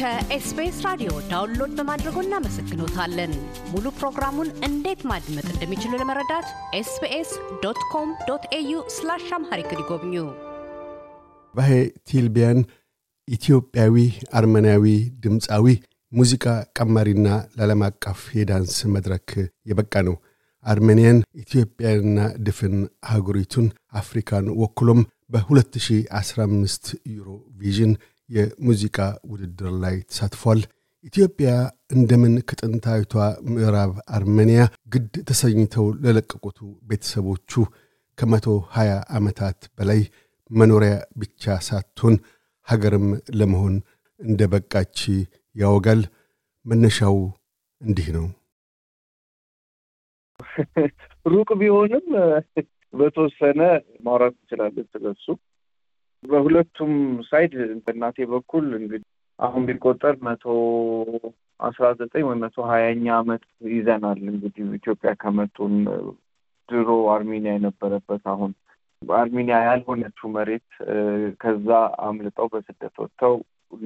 ከኤስቢኤስ ራዲዮ ዳውንሎድ በማድረጎ እናመሰግኖታለን። ሙሉ ፕሮግራሙን እንዴት ማድመጥ እንደሚችሉ ለመረዳት ኤስቢኤስ ዶት ኮም ዶት ኤዩ ስላሽ አምሃሪክ ይጎብኙ። ባሄ ቲልቢያን ኢትዮጵያዊ አርመናዊ ድምፃዊ ሙዚቃ ቀማሪና ለዓለም አቀፍ የዳንስ መድረክ የበቃ ነው። አርሜንያን፣ ኢትዮጵያንና ድፍን አህጉሪቱን አፍሪካን ወክሎም በ2015 ዩሮቪዥን የሙዚቃ ውድድር ላይ ተሳትፏል። ኢትዮጵያ እንደምን ከጥንታዊቷ ምዕራብ አርሜንያ ግድ ተሰኝተው ለለቀቁቱ ቤተሰቦቹ ከመቶ 20 ዓመታት በላይ መኖሪያ ብቻ ሳትሆን ሀገርም ለመሆን እንደ በቃች ያወጋል። መነሻው እንዲህ ነው። ሩቅ ቢሆንም በተወሰነ ማውራት እንችላለን ስለሱ። በሁለቱም ሳይድ በእናቴ በኩል እንግዲህ አሁን ቢቆጠር መቶ አስራ ዘጠኝ ወይ መቶ ሀያኛ አመት ይዘናል። እንግዲህ ኢትዮጵያ ከመጡን ድሮ አርሜኒያ የነበረበት አሁን አርሜኒያ ያልሆነችው መሬት ከዛ አምልጠው በስደት ወጥተው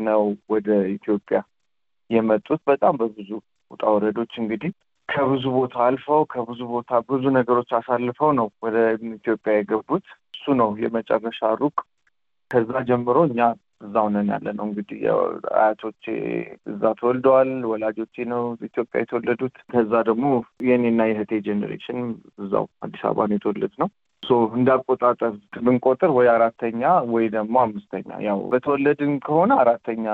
ነው ወደ ኢትዮጵያ የመጡት። በጣም በብዙ ውጣ ወረዶች እንግዲህ ከብዙ ቦታ አልፈው ከብዙ ቦታ ብዙ ነገሮች አሳልፈው ነው ወደ ኢትዮጵያ የገቡት። እሱ ነው የመጨረሻ ሩቅ ከዛ ጀምሮ እኛ እዛው ነን ያለ ነው። እንግዲህ አያቶቼ እዛ ተወልደዋል። ወላጆቼ ነው ኢትዮጵያ የተወለዱት። ከዛ ደግሞ የኔና የእህቴ ጄኔሬሽን እዛው አዲስ አበባ ነው የተወለድ ነው። እንዳቆጣጠር ብንቆጥር ወይ አራተኛ ወይ ደግሞ አምስተኛ ያው በተወለድን ከሆነ አራተኛ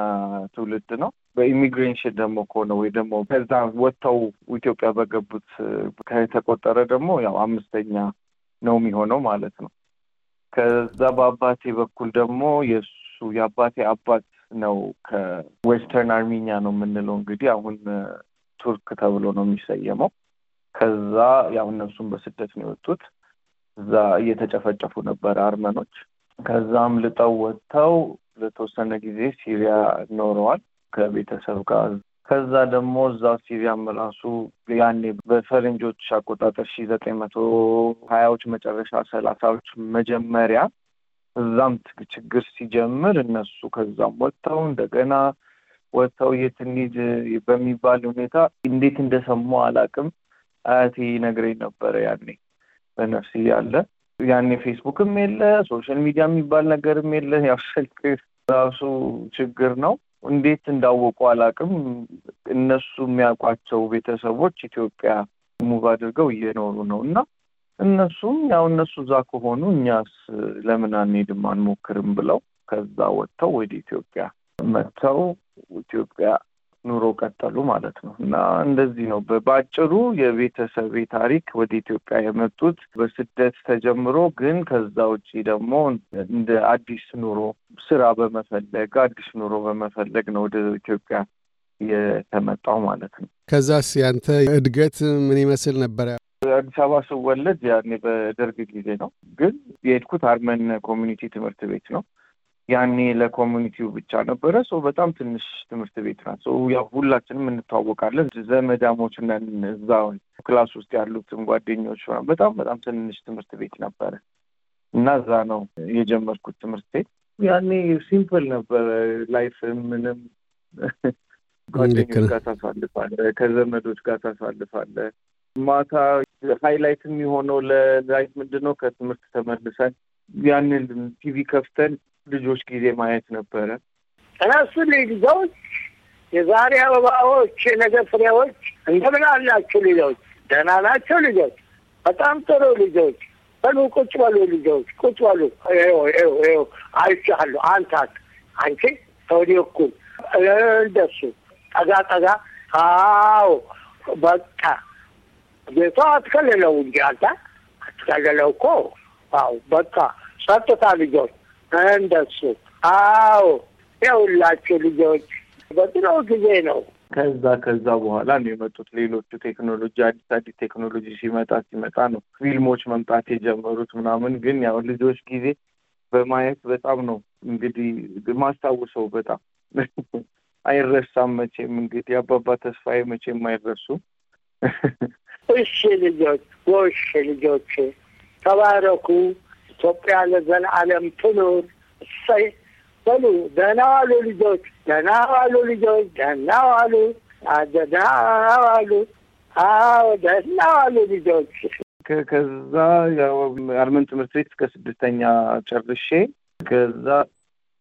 ትውልድ ነው። በኢሚግሬሽን ደግሞ ከሆነ ወይ ደግሞ ከዛ ወጥተው ኢትዮጵያ በገቡት ከተቆጠረ ደግሞ ያው አምስተኛ ነው የሚሆነው ማለት ነው። ከዛ በአባቴ በኩል ደግሞ የእሱ የአባቴ አባት ነው ከዌስተርን አርሜኒያ ነው የምንለው እንግዲህ አሁን ቱርክ ተብሎ ነው የሚሰየመው። ከዛ ያው እነሱም በስደት ነው የወጡት። እዛ እየተጨፈጨፉ ነበር አርመኖች። ከዛም ልጠው ወጥተው ለተወሰነ ጊዜ ሲሪያ ኖረዋል ከቤተሰብ ጋር ከዛ ደግሞ እዛው ሲሪያም ራሱ ያኔ በፈረንጆች አቆጣጠር ሺ ዘጠኝ መቶ ሀያዎች መጨረሻ ሰላሳዎች መጀመሪያ እዛም ችግር ሲጀምር እነሱ ከዛም ወጥተው እንደገና ወጥተው የት እንሂድ በሚባል ሁኔታ እንዴት እንደሰሙ አላቅም። አያቴ ነግረኝ ነበረ ያኔ በነፍስ ያለ ያኔ ፌስቡክም የለ ሶሻል ሚዲያ የሚባል ነገርም የለ። ያው ስልክ ራሱ ችግር ነው። እንዴት እንዳወቁ አላውቅም። እነሱ የሚያውቋቸው ቤተሰቦች ኢትዮጵያ ሙቭ አድርገው እየኖሩ ነው እና እነሱም ያው እነሱ እዛ ከሆኑ እኛስ ለምን አንሄድም አንሞክርም ብለው ከዛ ወጥተው ወደ ኢትዮጵያ መጥተው ኢትዮጵያ ኑሮ ቀጠሉ ማለት ነው እና እንደዚህ ነው በአጭሩ የቤተሰቤ ታሪክ ወደ ኢትዮጵያ የመጡት በስደት ተጀምሮ ግን ከዛ ውጭ ደግሞ እንደ አዲስ ኑሮ ስራ በመፈለግ አዲስ ኑሮ በመፈለግ ነው ወደ ኢትዮጵያ የተመጣው ማለት ነው። ከዛስ ያንተ እድገት ምን ይመስል ነበረ? አዲስ አበባ ስወለድ ያኔ በደርግ ጊዜ ነው። ግን የሄድኩት አርመን ኮሚኒቲ ትምህርት ቤት ነው። ያኔ ለኮሚኒቲው ብቻ ነበረ። ሰው በጣም ትንሽ ትምህርት ቤት ናት። ሰው ያው ሁላችንም እንታወቃለን፣ ዘመዳሞች ነን። እዛ ክላስ ውስጥ ያሉትም ጓደኞች በጣም በጣም ትንሽ ትምህርት ቤት ነበረ እና እዛ ነው የጀመርኩት ትምህርት ቤት። ያኔ ሲምፕል ነበረ ላይፍ። ምንም ጓደኞች ጋር ታሳልፋለ ከዘመዶች ጋር ታሳልፋለ ማታ ሃይላይት የሚሆነው ለላይፍ ምንድነው ከትምህርት ተመልሰን ያንን ቲቪ ከፍተን ልጆች ጊዜ ማየት ነበረ። እነሱ ልጆች የዛሬ አበባዎች፣ የነገ ፍሬዎች እንደምን አላችሁ ልጆች? ደህና ናቸው ልጆች? በጣም ጥሩ ልጆች። በሉ ቁጭ በሉ ልጆች፣ ቁጭ በሉ። አይቻሉ አንታት አንቺ ከወዲህ እኩል እንደሱ ጠጋ ጠጋ። አዎ በቃ ቤቷ አትከልለው እንጂ አንተ አትከልለው እኮ። አዎ በቃ ጸጥታ ልጆች እንደሱ አዎ፣ የሁላችሁ ልጆች በድሮ ጊዜ ነው። ከዛ ከዛ በኋላ ነው የመጡት ሌሎቹ ቴክኖሎጂ አዲስ አዲስ ቴክኖሎጂ ሲመጣ ሲመጣ ነው ፊልሞች መምጣት የጀመሩት ምናምን። ግን ያው ልጆች ጊዜ በማየት በጣም ነው እንግዲህ ማስታውሰው በጣም አይረሳም መቼም። እንግዲህ አባባ ተስፋዬ መቼም አይረሱ እሺ ልጆች፣ ጎሽ ልጆች፣ ተባረኩ። ኢትዮጵያ ለዘላለም ትኑር። እሰይ በሉ። ደህና ዋሉ ልጆች፣ ደህና ዋሉ ልጆች፣ ደህና ዋሉ፣ ደህና ዋሉ። አዎ ደህና ዋሉ ልጆች። ከዛ አርመን ትምህርት ቤት እስከ ስድስተኛ ጨርሼ ከዛ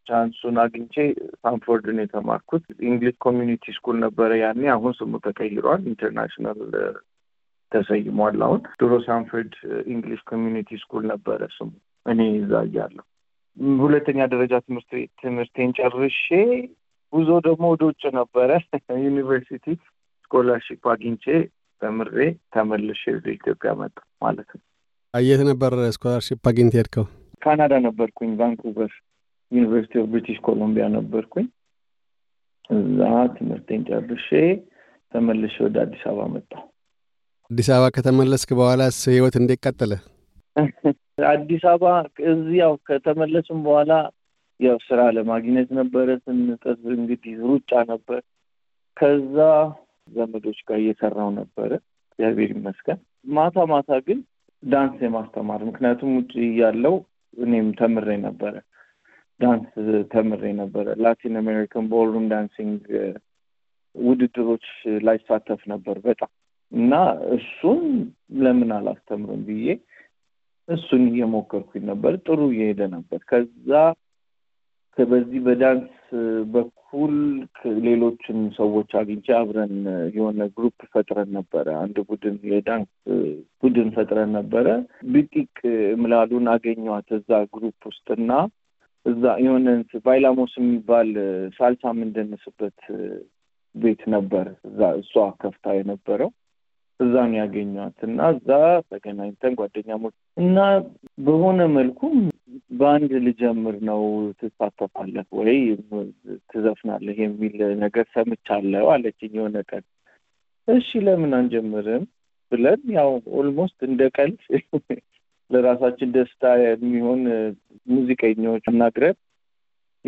ቻንሱን አግኝቼ ሳንፎርድን የተማርኩት ኢንግሊሽ ኮሚዩኒቲ ስኩል ነበረ ያኔ። አሁን ስሙ ተቀይሯል፣ ኢንተርናሽናል ተሰይሟል። አሁን ድሮ ሳንፎርድ ኢንግሊሽ ኮሚኒቲ ስኩል ነበረ ስሙ። እኔ እዛ እያለሁ ሁለተኛ ደረጃ ትምህርት ትምህርቴን ጨርሼ ጉዞ ደግሞ ወደ ውጭ ነበረ። ዩኒቨርሲቲ ስኮላርሽፕ አግኝቼ ተምሬ ተመልሼ ወደ ኢትዮጵያ መጣ ማለት ነው። የት ነበር ስኮላርሽፕ አግኝቴ ሄድከው? ካናዳ ነበርኩኝ። ቫንኩቨር ዩኒቨርሲቲ ኦፍ ብሪቲሽ ኮሎምቢያ ነበርኩኝ። እዛ ትምህርቴን ጨርሼ ተመልሼ ወደ አዲስ አበባ መጣ አዲስ አበባ ከተመለስክ በኋላስ ህይወት እንዴት ቀጠለ? አዲስ አበባ ያው ከተመለስም በኋላ ያው ስራ ለማግኘት ነበረ ስንጥር እንግዲህ ሩጫ ነበር። ከዛ ዘመዶች ጋር እየሰራው ነበረ እግዚአብሔር ይመስገን። ማታ ማታ ግን ዳንስ የማስተማር ምክንያቱም ውጭ ያለው እኔም ተምሬ ነበረ ዳንስ ተምሬ ነበረ። ላቲን አሜሪካን ቦልሩም ዳንሲንግ ውድድሮች ላይሳተፍ ነበር በጣም እና እሱን ለምን አላስተምርም ብዬ እሱን እየሞከርኩኝ ነበር። ጥሩ እየሄደ ነበር። ከዛ በዚህ በዳንስ በኩል ሌሎችን ሰዎች አግኝቼ አብረን የሆነ ግሩፕ ፈጥረን ነበረ። አንድ ቡድን የዳንስ ቡድን ፈጥረን ነበረ። ብጢቅ ምላሉን አገኘዋት እዛ ግሩፕ ውስጥና እዛ የሆነ ባይላሞስ የሚባል ሳልሳ የምንደንስበት ቤት ነበር። እዛ እሷ ከፍታ የነበረው እዛ ነው እና እዛ ተገናኝተን ጓደኛሞች እና በሆነ መልኩ በአንድ ልጀምር ነው ትሳተፋለህ ወይ ትዘፍናለህ የሚል ነገር ሰምቻለሁ አለችኝ የሆነ ቀን። እሺ ለምን አንጀምርም ብለን ያው ኦልሞስት እንደ ቀልድ ለራሳችን ደስታ የሚሆን ሙዚቀኞች አናግረን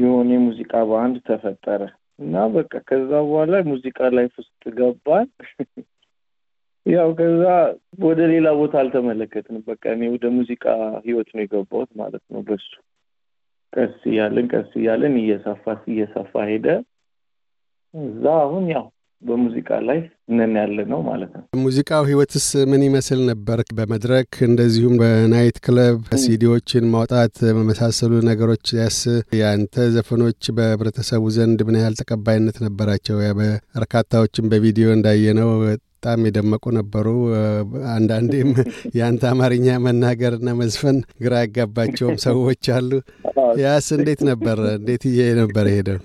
የሆነ የሙዚቃ በአንድ ተፈጠረ እና በቃ ከዛ በኋላ ሙዚቃ ላይፍ ውስጥ ገባን። ያው ከዛ ወደ ሌላ ቦታ አልተመለከትንም። በቃ እኔ ወደ ሙዚቃ ህይወት ነው የገባሁት ማለት ነው። በሱ ቀስ እያለን ቀስ እያለን እየሰፋ እየሰፋ ሄደ። እዛ አሁን ያው በሙዚቃ ላይ ነን ያለ ነው ማለት ነው። ሙዚቃው ህይወትስ ምን ይመስል ነበር? በመድረክ እንደዚሁም በናይት ክለብ ሲዲዎችን ማውጣት በመሳሰሉ ነገሮች ያስ የአንተ ዘፈኖች በህብረተሰቡ ዘንድ ምን ያህል ተቀባይነት ነበራቸው? በርካታዎችን በቪዲዮ እንዳየነው በጣም የደመቁ ነበሩ። አንዳንዴም የአንተ አማርኛ መናገርና መዝፈን ግራ ያጋባቸውም ሰዎች አሉ። ያስ እንዴት ነበር? እንዴት እየ ነበር ሄደው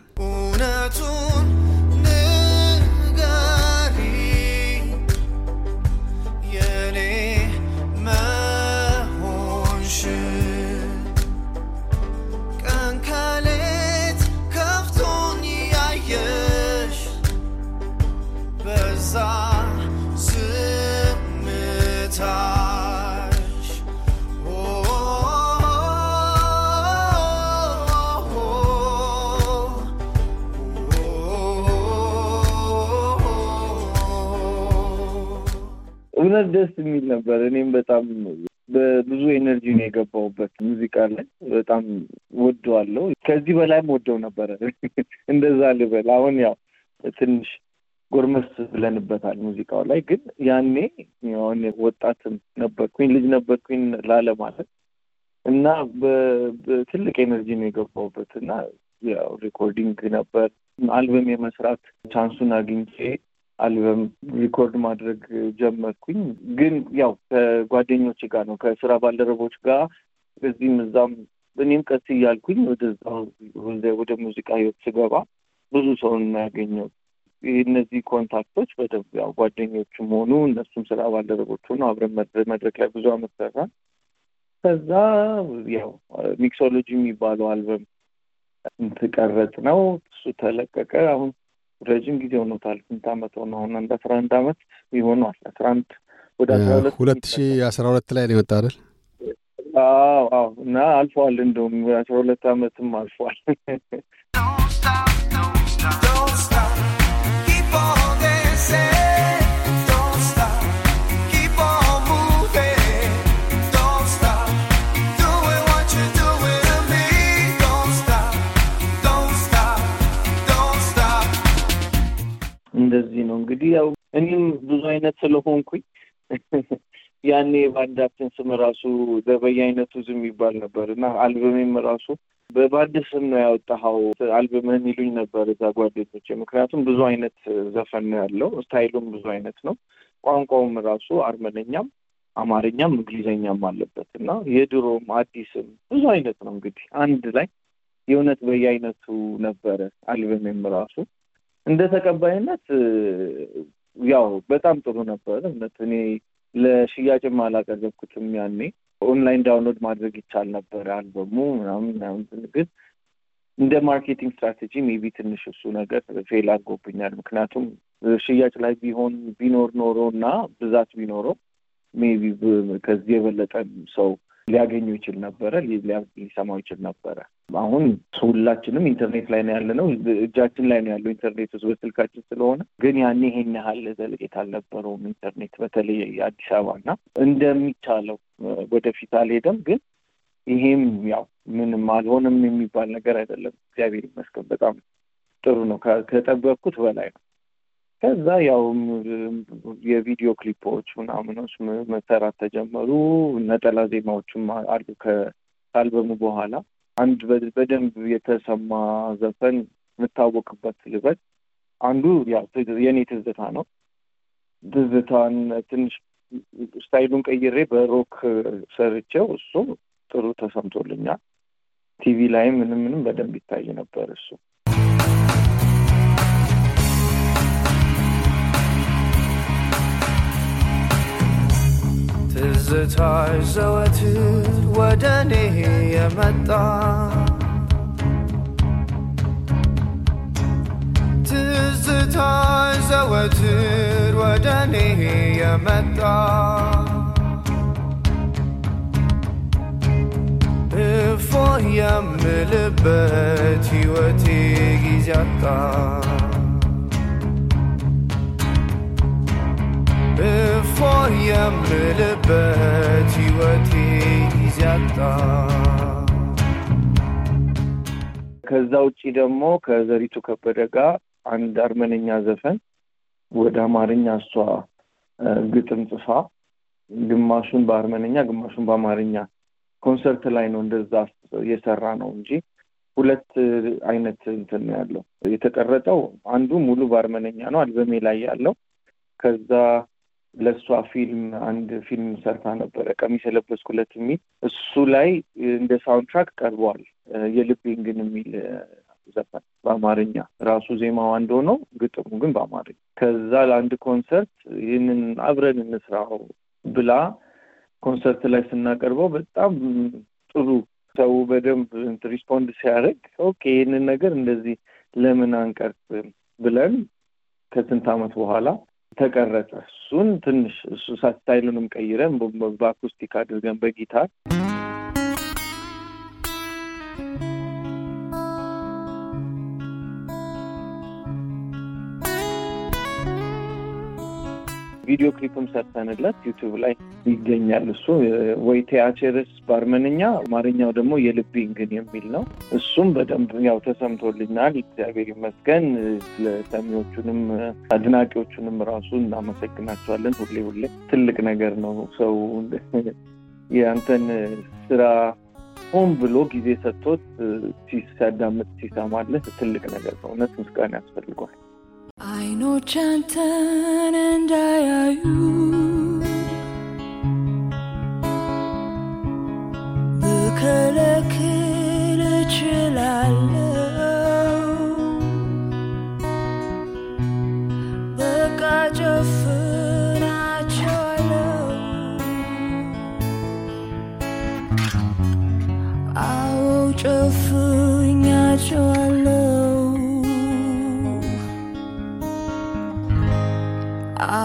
እውነት ደስ የሚል ነበር። እኔም በጣም በብዙ ኤነርጂ ነው የገባውበት ሙዚቃ ላይ በጣም ወደዋለው። ከዚህ በላይም ወደው ነበረ እንደዛ ልበል። አሁን ያው ትንሽ ጎርመስ ብለንበታል ሙዚቃው ላይ ግን ያኔ ሁን ወጣትም ነበርኩኝ ልጅ ነበርኩኝ ላለ ማለት እና በትልቅ ኤነርጂ ነው የገባውበት እና ያው ሪኮርዲንግ ነበር አልበም የመስራት ቻንሱን አግኝቼ አልበም ሪኮርድ ማድረግ ጀመርኩኝ። ግን ያው ከጓደኞች ጋር ነው ከስራ ባልደረቦች ጋር እዚህም እዛም እኔም ቀስ እያልኩኝ ወደዛ ወደ ሙዚቃ ህይወት ስገባ ብዙ ሰውን ያገኘው እነዚህ ኮንታክቶች በደንብ ያው ጓደኞችም ሆኑ እነሱም ስራ ባልደረቦች ሆኑ አብረን መድረክ ላይ ብዙ አመት ሰራን። ከዛ ያው ሚክሶሎጂ የሚባለው አልበም እንትቀረጽ ነው እሱ ተለቀቀ። አሁን ረጅም ጊዜ ሆኖታል። ስንት አመት ሆነ አሁን እንደ አስራ አንድ አመት ይሆኗል። አስራ አንድ ወደ አስራ ሁለት ሁለት ሺ አስራ ሁለት ላይ ነው የወጣ አይደል? አዎ አዎ። እና አልፈዋል፣ እንደውም አስራ ሁለት አመትም አልፈዋል። እንደዚህ ነው እንግዲህ ያው እኔም ብዙ አይነት ስለሆንኩኝ ያኔ በአንዳችን ስም ራሱ በበየ አይነቱ ዝም ይባል ነበር እና አልበሜም ራሱ በአዲስ ስም ነው ያወጣኸው አልበምህን ይሉኝ ነበር እዛ ጓደኞቼ። ምክንያቱም ብዙ አይነት ዘፈን ነው ያለው፣ ስታይሉም ብዙ አይነት ነው። ቋንቋውም ራሱ አርመነኛም፣ አማርኛም እንግሊዘኛም አለበት እና የድሮም አዲስም ብዙ አይነት ነው እንግዲህ አንድ ላይ የእውነት በየአይነቱ ነበረ አልበሜም ራሱ እንደ ተቀባይነት ያው በጣም ጥሩ ነበር። እውነት እኔ ለሽያጭም አላቀረብኩትም ያኔ ኦንላይን ዳውንሎድ ማድረግ ይቻል ነበር አልበሙ ምናምን ምናምን፣ ግን እንደ ማርኬቲንግ ስትራቴጂ ሜቢ ትንሽ እሱ ነገር ፌል አድርጎብኛል። ምክንያቱም ሽያጭ ላይ ቢሆን ቢኖር ኖሮ እና ብዛት ቢኖረው ሜቢ ከዚህ የበለጠ ሰው ሊያገኙ ይችል ነበረ፣ ሊሰማው ይችል ነበረ። አሁን ሁላችንም ኢንተርኔት ላይ ነው ያለ ነው፣ እጃችን ላይ ነው ያለው ኢንተርኔት ውስጥ በስልካችን ስለሆነ፣ ግን ያኔ ይሄን ያህል ዘለቄታ አልነበረውም ኢንተርኔት በተለይ አዲስ አበባ እና እንደሚቻለው ወደፊት አልሄደም። ግን ይሄም ያው ምንም አልሆነም የሚባል ነገር አይደለም። እግዚአብሔር ይመስገን በጣም ጥሩ ነው። ከጠበቅኩት በላይ ነው። ከዛ ያው የቪዲዮ ክሊፖች ምናምኖች መሰራት ተጀመሩ። ነጠላ ዜማዎችም አሉ ከአልበሙ በኋላ አንድ በደንብ የተሰማ ዘፈን የምታወቅበት ልበት አንዱ የኔ የእኔ ትዝታ ነው። ትዝታን ትንሽ ስታይሉን ቀይሬ በሮክ ሰርቼው እሱ ጥሩ ተሰምቶልኛል። ቲቪ ላይም ምንም ምንም በደንብ ይታይ ነበር እሱ ትዝታሽ ዘወትር ወደ እኔ የመጣ ትዝታሽ ዘወትር ወደ እኔ የመጣ እፎ የምልበት ሕይወቴ ጊዜ አጣ ኮር የምልበት ህይወቴ ከዛ ውጭ ደግሞ ከዘሪቱ ከበደ ጋር አንድ አርመነኛ ዘፈን ወደ አማርኛ እሷ ግጥም ጽፋ ግማሹን በአርመነኛ ግማሹን በአማርኛ ኮንሰርት ላይ ነው እንደዛ የሰራ ነው እንጂ ሁለት አይነት እንትን ያለው የተቀረጠው። አንዱ ሙሉ በአርመነኛ ነው አልበሜ ላይ ያለው። ከዛ ለእሷ ፊልም አንድ ፊልም ሰርታ ነበረ ቀሚስ የለበስኩለት የሚል እሱ ላይ እንደ ሳውንትራክ ቀርበዋል። የልቤን ግን የሚል ዘፈን በአማርኛ ራሱ ዜማው አንድ ሆነው ግጥሙ ግን በአማርኛ ከዛ ለአንድ ኮንሰርት ይህንን አብረን እንስራው ብላ ኮንሰርት ላይ ስናቀርበው በጣም ጥሩ ሰው በደንብ ሪስፖንድ ሲያደርግ ኦኬ ይህንን ነገር እንደዚህ ለምን አንቀርብ ብለን ከስንት ዓመት በኋላ ተቀረጠ እሱን ትንሽ እሱ ሳስታይሉንም ቀይረን በአኩስቲክ አድርገን በጊታር ቪዲዮ ክሊፕም ሰርተንለት ዩቱብ ላይ ይገኛል። እሱ ወይ አቼርስ ባርመንኛ፣ አማርኛው ደግሞ የልቢንግን የሚል ነው። እሱም በደንብ ያው ተሰምቶልናል። እግዚአብሔር ይመስገን። ለሰሚዎቹንም አድናቂዎቹንም ራሱ እናመሰግናቸዋለን። ሁሌ ሁሌ ትልቅ ነገር ነው ሰው የአንተን ስራ ሆን ብሎ ጊዜ ሰጥቶት ሲያዳምጥ ሲሰማለህ ትልቅ ነገር ነው። እውነት ምስጋና ያስፈልጓል። I know Chantan and I are you.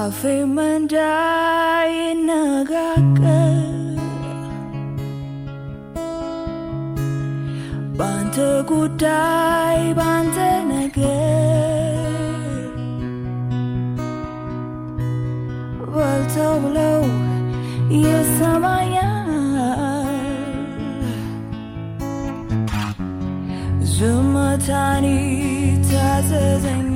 አፌ እንዳይነጋገር ባንተ ጉዳይ ባንተ ነገር በልተው ብለው ይሰማኛል ዝምታን ታዘዘኝ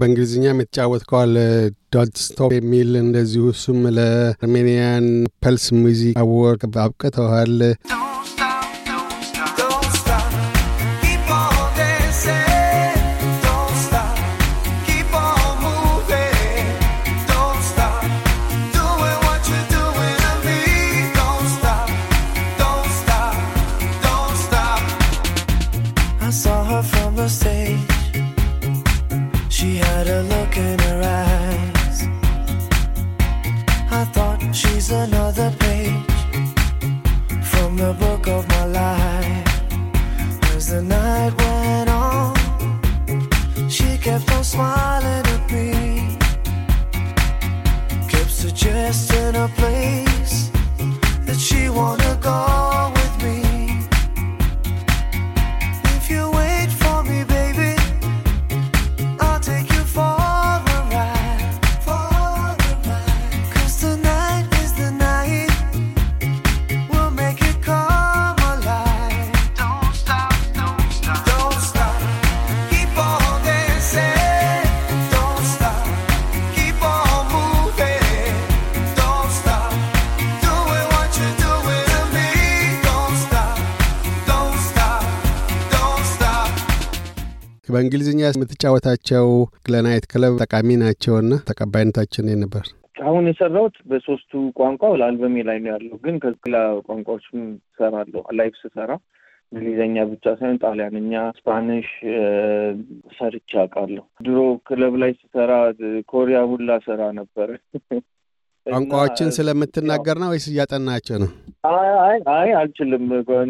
በእንግሊዝኛም የተጫወት ከዋል ዶንት የሚል እንደዚሁ እሱም ለአርሜኒያን ፐልስ ሙዚክ አወርድ አብቅተዋል። በእንግሊዝኛ የምትጫወታቸው ግለናይት ክለብ ጠቃሚ ናቸውና ተቀባይነታችን ነበር። አሁን የሰራሁት በሶስቱ ቋንቋ ለአልበሜ ላይ ነው ያለው፣ ግን ከላ ቋንቋዎችም ሰራለሁ። ላይፍ ስሰራ እንግሊዝኛ ብቻ ሳይሆን ጣሊያንኛ፣ ስፓኒሽ ሰርቻ አውቃለሁ። ድሮ ክለብ ላይ ስሰራ ኮሪያ ሁላ ስራ ነበረ። ቋንቋዎችን ስለምትናገር ነው ወይስ እያጠናቸው ነው? አይ አይ አልችልም፣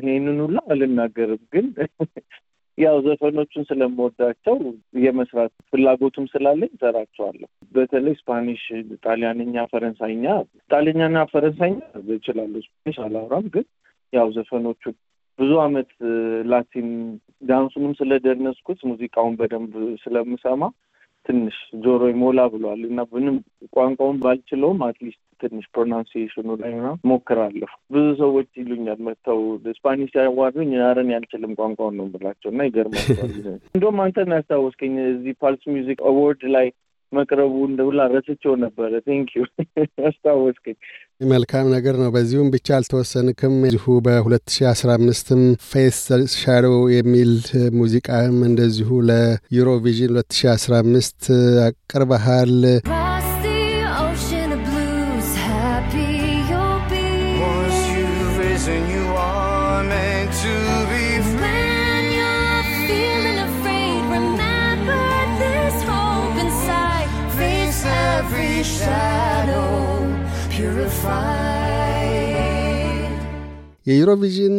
ይህንን ሁላ አልናገርም ግን ያው ዘፈኖቹን ስለምወዳቸው የመስራት ፍላጎቱም ስላለኝ እሰራቸዋለሁ። በተለይ ስፓኒሽ፣ ጣሊያንኛ፣ ፈረንሳይኛ ጣሊያንኛና ፈረንሳይኛ እችላለሁ። ስፓኒሽ አላውራም፣ ግን ያው ዘፈኖቹ ብዙ አመት ላቲን ዳንሱንም ስለደነስኩት ሙዚቃውን በደንብ ስለምሰማ ትንሽ ጆሮ ይሞላ ብሏል እና ምንም ቋንቋውን ባልችለውም አትሊስት ትንሽ ፕሮናንሲሽኑ ላይ ና ሞክራለሁ። ብዙ ሰዎች ይሉኛል መጥተው ስፓኒሽ ያዋሩኝ ያረን ያልችልም ቋንቋውን ነው ብላቸው እና ይገርማቸዋል። እንደውም አንተን ያስታወስከኝ እዚህ ፓልስ ሚዚክ አዋርድ ላይ መቅረቡ ሁላ ረስቼው ነበረ። ቴንኪው አስታወስከኝ። መልካም ነገር ነው። በዚሁም ብቻ አልተወሰንክም። እዚሁ በ2015ም ፌስ ሻዶ የሚል ሙዚቃም እንደዚሁ ለዩሮቪዥን 2015 አቅርበሃል። የዩሮቪዥን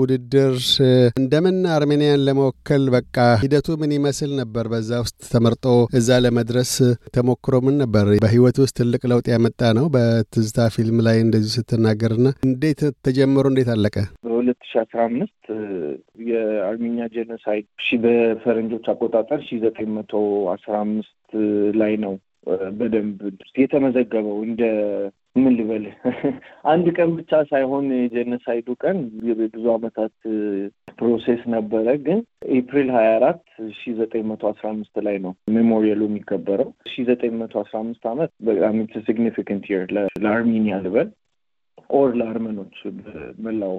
ውድድር እንደምን አርሜኒያን ለመወከል በቃ ሂደቱ ምን ይመስል ነበር? በዛ ውስጥ ተመርጦ እዛ ለመድረስ ተሞክሮ ምን ነበር? በህይወት ውስጥ ትልቅ ለውጥ ያመጣ ነው። በትዝታ ፊልም ላይ እንደዚሁ ስትናገርና እንዴት ተጀምሮ እንዴት አለቀ? በሁለት ሺ አስራ አምስት የአርሜኒያ ጄኖሳይድ በፈረንጆች አቆጣጠር ሺ ዘጠኝ መቶ አስራ አምስት ላይ ነው በደንብ የተመዘገበው እንደ ምን ልበል አንድ ቀን ብቻ ሳይሆን የጀነሳይዱ ቀን ብዙ አመታት ፕሮሴስ ነበረ። ግን ኤፕሪል ሀያ አራት ሺ ዘጠኝ መቶ አስራ አምስት ላይ ነው ሜሞሪያሉ የሚከበረው። ሺ ዘጠኝ መቶ አስራ አምስት ዓመት በጣም ሲግኒፊካንት የር ለአርሜኒያ ልበል ኦር ለአርመኖች መላው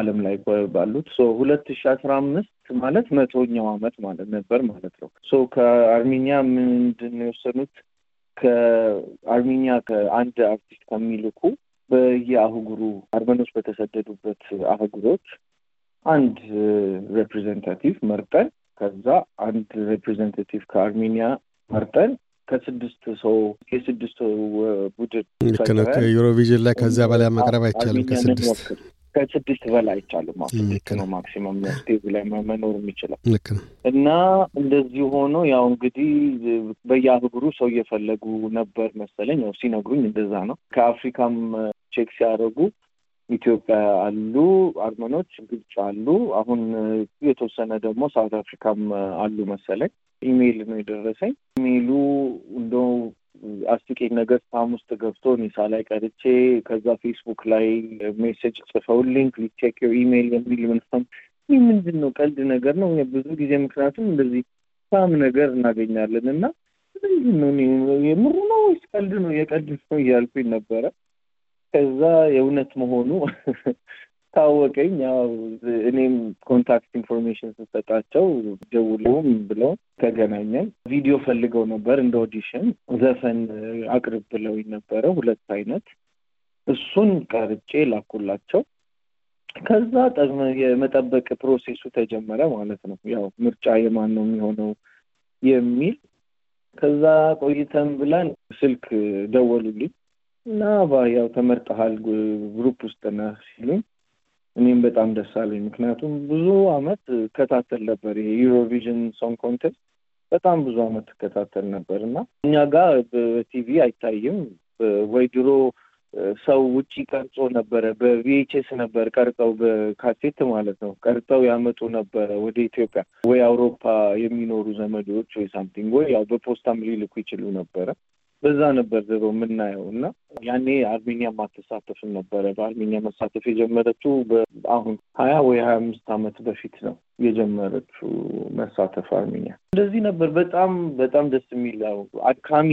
አለም ላይ ባሉት ሁለት ሺ አስራ አምስት ማለት መቶኛው አመት ማለት ነበር ማለት ነው። ሶ ከአርሜኒያ ምንድን ነው የወሰኑት ከአርሜኒያ ከአንድ አርቲስት ከሚልኩ በየአህጉሩ አርመኖች በተሰደዱበት አህጉሮች አንድ ሬፕሬዘንታቲቭ መርጠን ከዛ አንድ ሬፕሬዘንታቲቭ ከአርሜኒያ መርጠን ከስድስት ሰው የስድስት ሰው ቡድን ዩሮቪዥን ላይ ከዚያ በላይ መቅረብ አይቻልም። ከስድስት ከስድስት በላይ አይቻልም። ስድስት ነው ማክሲመም ስቴጅ ላይ መኖር የሚችለው እና እንደዚህ ሆኖ ያው እንግዲህ በየአህጉሩ ሰው እየፈለጉ ነበር መሰለኝ። ያው ሲነግሩኝ እንደዛ ነው። ከአፍሪካም ቼክ ሲያደርጉ ኢትዮጵያ አሉ፣ አርመኖች፣ ግብፅ አሉ። አሁን የተወሰነ ደግሞ ሳውት አፍሪካም አሉ መሰለኝ። ኢሜይል ነው የደረሰኝ። ኢሜይሉ አስቂኝ ነገር ስፓም ውስጥ ገብቶ ኒሳ ላይ ቀርቼ ከዛ ፌስቡክ ላይ ሜሴጅ ጽፈው ሊንክ ሊቼክ ኢሜይል የሚል ምንሰም ይህ ምንድን ነው? ቀልድ ነገር ነው። ብዙ ጊዜ ምክንያቱም እንደዚህ ስፓም ነገር እናገኛለን እና ምንድን ነው የምሩ ነው ወይስ ቀልድ ነው የቀልድ ነው እያልኩኝ ነበረ። ከዛ የእውነት መሆኑ ታወቀኝ። ያው እኔም ኮንታክት ኢንፎርሜሽን ስሰጣቸው ደውለውም ብለው ተገናኘን። ቪዲዮ ፈልገው ነበር እንደ ኦዲሽን ዘፈን አቅርብ ብለውኝ ነበረ ሁለት አይነት እሱን ቀርጬ ላኩላቸው። ከዛ የመጠበቅ ፕሮሴሱ ተጀመረ ማለት ነው። ያው ምርጫ የማን ነው የሚሆነው የሚል ከዛ ቆይተን ብለን ስልክ ደወሉልኝ እና ያው ተመርጠሃል፣ ግሩፕ ውስጥ ነህ ሲሉኝ እኔም በጣም ደስ አለኝ። ምክንያቱም ብዙ አመት እከታተል ነበር ይሄ ዩሮቪዥን ሶንግ ኮንቴስት በጣም ብዙ አመት እከታተል ነበር እና እኛ ጋር በቲቪ አይታይም ወይ ድሮ ሰው ውጪ ቀርጾ ነበረ። በቪኤችኤስ ነበር ቀርጸው፣ በካሴት ማለት ነው ቀርጸው ያመጡ ነበረ ወደ ኢትዮጵያ ወይ አውሮፓ የሚኖሩ ዘመዶች ወይ ሳምቲንግ ወይ ያው በፖስታም ሊልኩ ይችሉ ነበረ። በዛ ነበር ድሮ የምናየው እና ያኔ አርሜኒያ ማተሳተፍም ነበረ። በአርሜኒያ መሳተፍ የጀመረችው በአሁን ሀያ ወይ ሀያ አምስት አመት በፊት ነው የጀመረችው መሳተፍ አርሜኒያ። እንደዚህ ነበር። በጣም በጣም ደስ የሚለው አድካሚ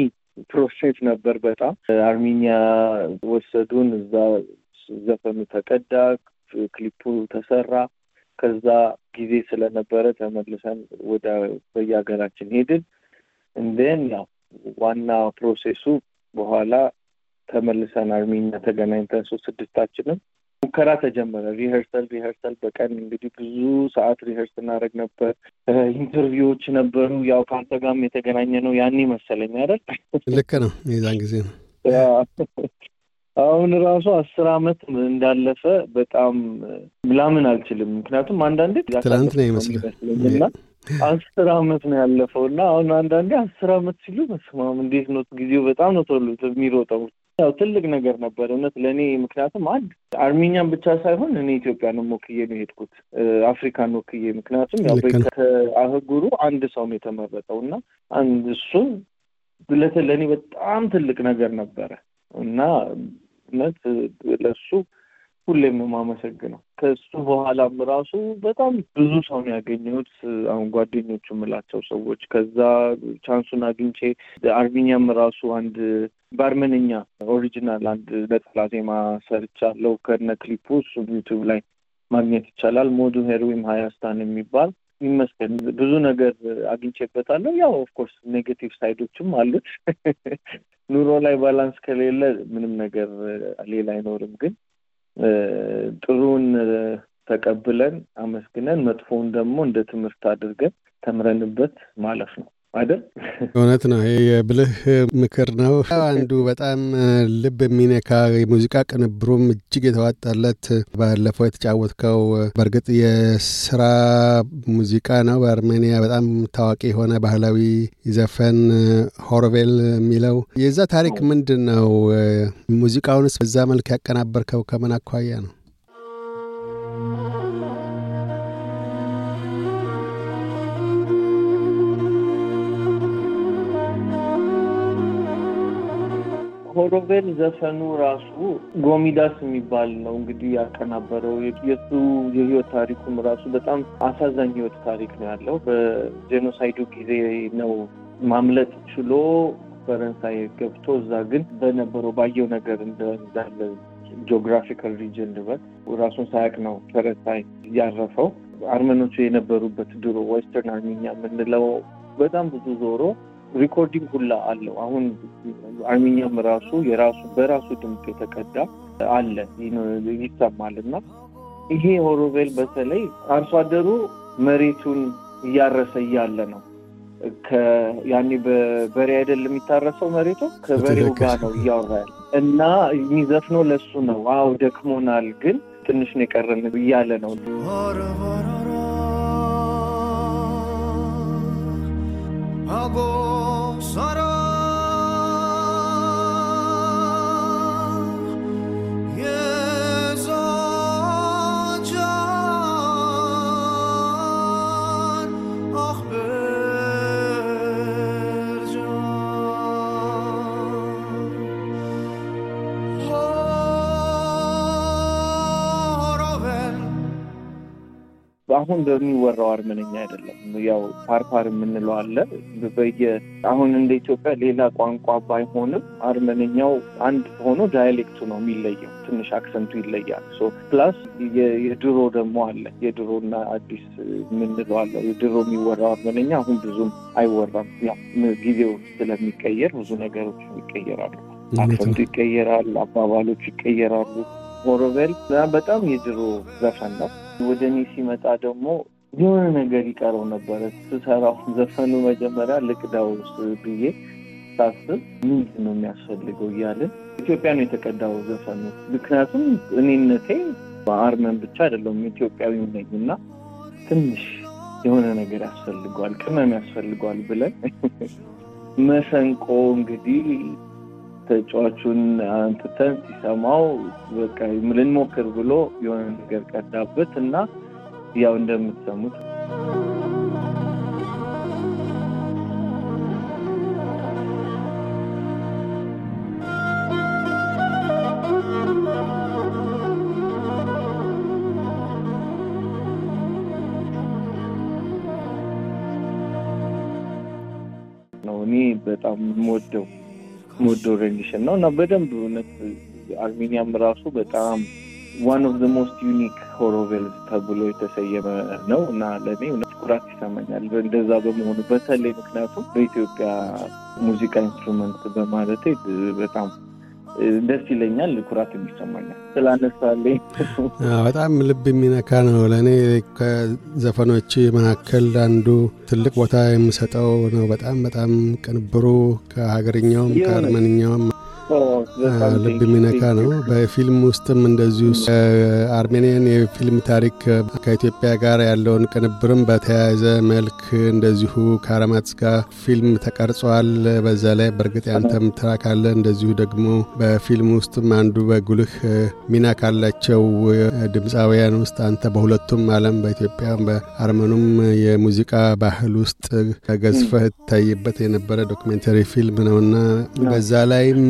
ፕሮሴስ ነበር በጣም አርሜኒያ ወሰዱን። እዛ ዘፈኑ ተቀዳ፣ ክሊፑ ተሰራ። ከዛ ጊዜ ስለነበረ ተመልሰን ወደ በየሀገራችን ሄድን። እንደን ያው ዋና ፕሮሴሱ በኋላ ተመልሰን አርሚና ተገናኝተን ሶስት ስድስታችንም ሙከራ ተጀመረ። ሪሄርሰል ሪሄርሰል በቀን እንግዲህ ብዙ ሰዓት ሪሄርስ እናደርግ ነበር። ኢንተርቪዎች ነበሩ። ያው ከአንተ ጋርም የተገናኘ ነው ያኔ መሰለኝ አይደል? ልክ ነው። የዛን ጊዜ ነው። አሁን ራሱ አስር አመት እንዳለፈ በጣም ላምን አልችልም። ምክንያቱም አንዳንዴ ትላንት ነው ይመስለኛል አስር አመት ነው ያለፈው እና አሁን አንዳንዴ አስር አመት ሲሉ መስማም እንዴት ነው ጊዜው በጣም ነው ቶሎ የሚሮጠው። ያው ትልቅ ነገር ነበር እውነት ለእኔ ምክንያቱም አንድ አርሜኒያን ብቻ ሳይሆን እኔ ኢትዮጵያንም ወክዬ ነው የሄድኩት፣ አፍሪካን ወክዬ ምክንያቱም ያው ከአህጉሩ አንድ ሰው ነው የተመረጠው እና አንድ እሱን ለእኔ በጣም ትልቅ ነገር ነበረ እና እውነት ለሱ ሁሌም የማመሰግነው ከሱ በኋላም ራሱ በጣም ብዙ ሰው ነው ያገኘሁት። አሁን ጓደኞቹ የምላቸው ሰዎች ከዛ ቻንሱን አግኝቼ አርሚኒያም ራሱ አንድ በአርመንኛ ኦሪጂናል አንድ ነጠላ ዜማ ሰርቻለሁ ከነ ክሊፑ። እሱም ዩቱብ ላይ ማግኘት ይቻላል። ሞዱ ሄርዊም ሀያስታን የሚባል ይመስገን ብዙ ነገር አግኝቼበታለሁ። ያው ኦፍኮርስ ኔጌቲቭ ሳይዶችም አሉት። ኑሮ ላይ ባላንስ ከሌለ ምንም ነገር ሌላ አይኖርም ግን ጥሩን ተቀብለን አመስግነን መጥፎውን ደግሞ እንደ ትምህርት አድርገን ተምረንበት ማለፍ ነው። አይደል? እውነት ነው። የብልህ ምክር ነው። አንዱ በጣም ልብ የሚነካ የሙዚቃ ቅንብሩም እጅግ የተዋጣለት ባለፈው የተጫወትከው በእርግጥ የስራ ሙዚቃ ነው። በአርሜኒያ በጣም ታዋቂ የሆነ ባህላዊ ዘፈን ሆርቬል የሚለው የዛ ታሪክ ምንድን ነው? ሙዚቃውንስ በዛ መልክ ያቀናበርከው ከምን አኳያ ነው? ሆሮቤል ዘፈኑ ራሱ ጎሚዳስ የሚባል ነው እንግዲህ ያቀናበረው። የሱ የህይወት ታሪኩም ራሱ በጣም አሳዛኝ ህይወት ታሪክ ነው ያለው። በጄኖሳይዱ ጊዜ ነው ማምለጥ ችሎ ፈረንሳይ ገብቶ እዛ ግን በነበረው ባየው ነገር እንዳለ ጂኦግራፊካል ሪጅን ልበል ራሱን ሳያቅ ነው ፈረንሳይ ያረፈው። አርመኖቹ የነበሩበት ድሮ ዌስተርን አርሜኒያ የምንለው በጣም ብዙ ዞሮ ሪኮርዲንግ ሁላ አለው። አሁን አርሜኒያም ራሱ የራሱ በራሱ ድምፅ የተቀዳ አለ ይሰማል። እና ይሄ ሆሮቬል በተለይ አርሶ አደሩ መሬቱን እያረሰ እያለ ነው ያኔ በበሬ አይደለም የሚታረሰው መሬቱ ከበሬው ጋር ነው ያለ እና የሚዘፍነው ለሱ ነው። አው ደክሞናል፣ ግን ትንሽ ነው የቀረን እያለ ነው አጎ አሁን በሚወራው አርመንኛ አይደለም። ያው ፓርፓር የምንለው አለ። በየ አሁን እንደ ኢትዮጵያ ሌላ ቋንቋ ባይሆንም አርመንኛው አንድ ሆኖ ዳያሌክቱ ነው የሚለየው። ትንሽ አክሰንቱ ይለያል። ፕላስ የድሮ ደግሞ አለ። የድሮና አዲስ የምንለው አለ። የድሮ የሚወራው አርመንኛ አሁን ብዙም አይወራም። ያው ጊዜው ስለሚቀየር ብዙ ነገሮች ይቀየራሉ። አክሰንቱ ይቀየራል። አባባሎች ይቀየራሉ። ኦሮቤል በጣም የድሮ ዘፈን ነው። ወደ እኔ ሲመጣ ደግሞ የሆነ ነገር ይቀረው ነበረ። ስሰራው ዘፈኑ መጀመሪያ ልቅዳው ብዬ ሳስብ ምንድን ነው የሚያስፈልገው እያለን ኢትዮጵያ ነው የተቀዳው ዘፈኑ። ምክንያቱም እኔነቴ በአርመን ብቻ አይደለም ኢትዮጵያዊ ነኝ እና ትንሽ የሆነ ነገር ያስፈልገዋል፣ ቅመም ያስፈልገዋል ብለን መሰንቆ እንግዲህ ተጫዋቹን አንትተን ሲሰማው በቃ ልንሞክር ብሎ የሆነ ነገር ቀዳበት እና ያው እንደምትሰሙት ነው እኔ በጣም የምወደው የምወደው ሬሊሽን ነው እና በደንብ እውነት አርሜኒያም ራሱ በጣም ዋን ኦፍ ዘ ሞስት ዩኒክ ሆሮቬል ተብሎ የተሰየመ ነው እና ለእኔ እውነት ኩራት ይሰማኛል እንደዛ በመሆኑ በተለይ ምክንያቱም በኢትዮጵያ ሙዚቃ ኢንስትሩመንት በማለት በጣም ደስ ይለኛል፣ ኩራት የሚሰማኛል ስላነሳለኝ። በጣም ልብ የሚነካ ነው። ለእኔ ከዘፈኖች መካከል አንዱ ትልቅ ቦታ የምሰጠው ነው። በጣም በጣም ቅንብሩ ከሀገርኛውም ከአርመንኛውም ልብ የሚነካ ነው። በፊልም ውስጥም እንደዚሁ አርሜኒያን የፊልም ታሪክ ከኢትዮጵያ ጋር ያለውን ቅንብርም በተያያዘ መልክ እንደዚሁ ከአረማት ጋር ፊልም ተቀርጿል። በዛ ላይ በእርግጥ ያንተም ትራ እንደዚሁ ደግሞ በፊልም ውስጥም አንዱ በጉልህ ሚና ካላቸው ድምፃውያን ውስጥ አንተ በሁለቱም ዓለም በኢትዮጵያ በአርመኑም የሙዚቃ ባህል ውስጥ ገዝፈህ ትታይበት የነበረ ዶክሜንተሪ ፊልም ነውና በዛ ላይም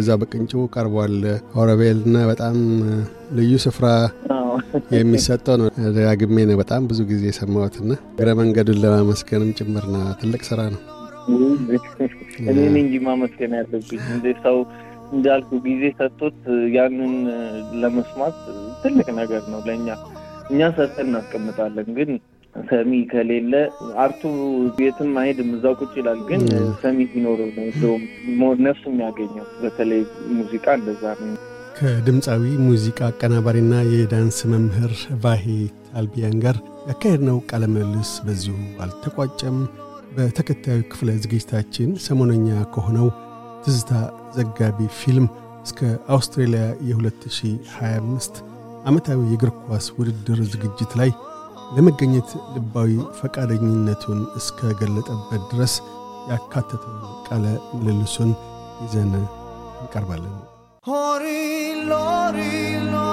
እዛ በቅንጩ ቀርቧል። ና በጣም ልዩ ስፍራ የሚሰጠው ነው። ደጋግሜ ነው በጣም ብዙ ጊዜ የሰማሁት ና እግረ መንገዱን ለማመስገንም ጭምር ና ትልቅ ስራ ነው። እኔ እንጂ ማመስገን ያለብኝ እንደ ሰው እንዳልኩ ጊዜ ሰጥቶት ያንን ለመስማት ትልቅ ነገር ነው ለእኛ። እኛ ሰጥተን እናስቀምጣለን ግን ሰሚ ከሌለ አርቱ ቤትም አይሄድም፣ እዛ ቁጭ ይላል። ግን ሰሚ ሲኖር ነው ነፍስ የሚያገኘው። በተለይ ሙዚቃ እንደዛ ነው። ከድምፃዊ ሙዚቃ አቀናባሪና የዳንስ መምህር ቫሄ ታልቢያን ጋር ያካሄድነው ቃለ ምልልስ በዚሁ አልተቋጨም። በተከታዩ ክፍለ ዝግጅታችን ሰሞነኛ ከሆነው ትዝታ ዘጋቢ ፊልም እስከ አውስትራሊያ የ2025 ዓመታዊ የእግር ኳስ ውድድር ዝግጅት ላይ ለመገኘት ልባዊ ፈቃደኝነቱን እስከገለጠበት ድረስ ያካተተው ቃለ ምልልሱን ይዘን እንቀርባለን። ሆሪ ሎሪ ሎ